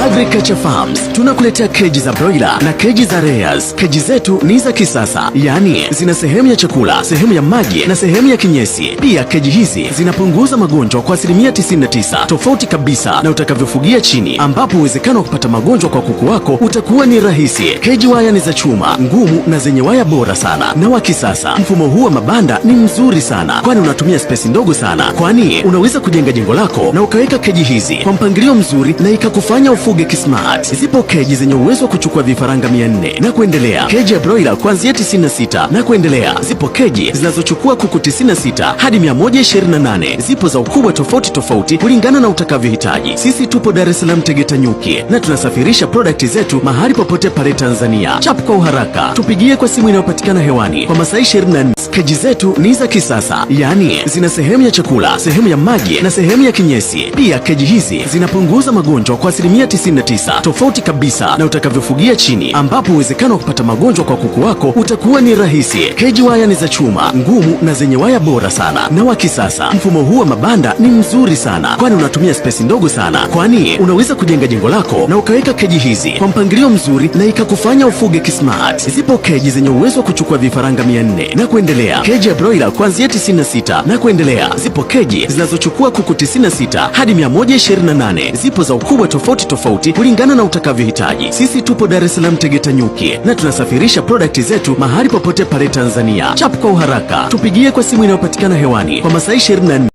Agriculture Farms tunakuletea keji za broiler na keji za layers. Keji zetu ni za kisasa, yaani zina sehemu ya chakula, sehemu ya maji na sehemu ya kinyesi. Pia keji hizi zinapunguza magonjwa kwa asilimia 99, tofauti kabisa na utakavyofugia chini, ambapo uwezekano wa kupata magonjwa kwa kuku wako utakuwa ni rahisi. Keji waya ni za chuma ngumu na zenye waya bora sana na wa kisasa. Mfumo huu wa mabanda ni mzuri sana, kwani unatumia spesi ndogo sana, kwani unaweza kujenga jengo lako na ukaweka keji hizi kwa mpangilio mzuri na ikakufanya ufu Ufuge Kismart zipo keji zenye uwezo wa kuchukua vifaranga 400 na kuendelea, keji ya broiler kuanzia 96 na kuendelea. Zipo keji zinazochukua kuku 96 hadi 128. Zipo za ukubwa tofauti tofauti kulingana na utakavyohitaji. Sisi tupo Dar es Salaam, Tegeta Nyuki, na tunasafirisha prodakti zetu mahali popote pale Tanzania. Chap kwa uharaka, tupigie kwa simu inayopatikana hewani kwa masaa 24. Keji zetu ni za kisasa, yaani zina sehemu ya chakula, sehemu ya maji na sehemu ya kinyesi. Pia keji hizi zinapunguza magonjwa kwa asilimia 99, tofauti kabisa na utakavyofugia chini, ambapo uwezekano wa kupata magonjwa kwa kuku wako utakuwa ni rahisi. keji wire ni za chuma ngumu na zenye waya bora sana na wa kisasa. Mfumo huu wa mabanda ni mzuri sana, kwani unatumia spesi ndogo sana, kwani unaweza kujenga jengo lako na ukaweka keji hizi kwa mpangilio mzuri na ikakufanya ufuge kismart. Zipo keji zenye uwezo wa kuchukua vifaranga 400 na kuendelea, keji ya broiler kuanzia 96 na kuendelea. Zipo keji zinazochukua kuku 96 hadi 128. Zipo za ukubwa tofauti tofauti tofauti kulingana na utakavyohitaji. Sisi tupo Dar es Salaam, Tegeta Nyuki, na tunasafirisha prodakti zetu mahali popote pale Tanzania. Chap kwa uharaka, tupigie kwa simu inayopatikana hewani kwa masaa 24.